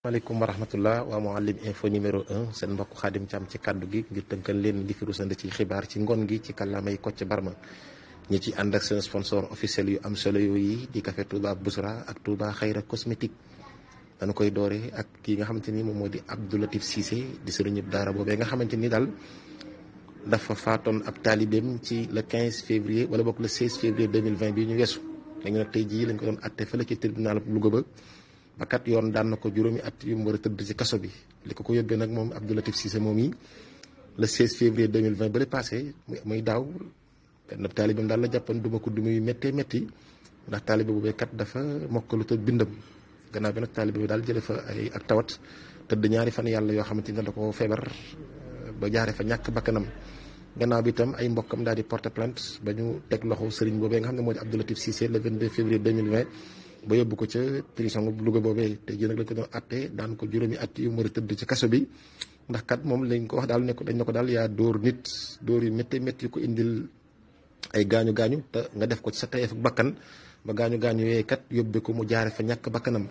maaleykum wa rahmatullah waa Mouhalim info numéro un seen mbokk xaadim Thiam ci kàddu gi ngir tënkal leen di fi ci xibaar ci ngoon gi ci kàllaamay Kocc Barma ñi ci ànd ak seen sponsor officiel yu am solo yooyu di café Touba Bousra ak Touba Xayra cosmétique dañu koy doore ak kii nga xamante ni moom moo di Abdoulatif Cissé di sëriñub daara boobee nga xamante ni daal dafa faatoon ab taalibeem ci le 15 wala bokk le 16 février 2020 bi ñu weesu dañu nag tey jii lañ ba kat yoon daan na ko juróomi at yu mu a tëdd ci kaso bi li ko ko yóbbee nag moom Abdou Latif Cissé moom yi le 16 février 2020 ba le passé muy daaw benn taalibeem daal la jàppoon duma ko du muy méttee métti ndax taalibe boobee kat dafa mokkalu te bindam gannaaw bi nag taalibe bi daal jële fa ay ak tawat tëdd ñaari fan yàlla yoo xamante ni da ko feebar euh, ba jaaree fa ñàkk bakkanam gannaaw bi itam ay mbokkam daal di porter plainte ba ñu teg loxo sëriñ boobee nga xam ne moo ba yóbbu ko ca prison Louga boobee te ji nag lañ ko doon àtte daan ko juróomi at yu mu tëdd ci kaso bi ndax kat moom lañ ko wax daal ne ko dañ ne ko daal yaa dóor nit dóor yi métti métti ko indil ay gaañu gaañu te nga def ko ci sa tayeef bakkan ba gaañu gaañu yooyu kat yóbbe ko mu jaare fa ñàkk bakkanam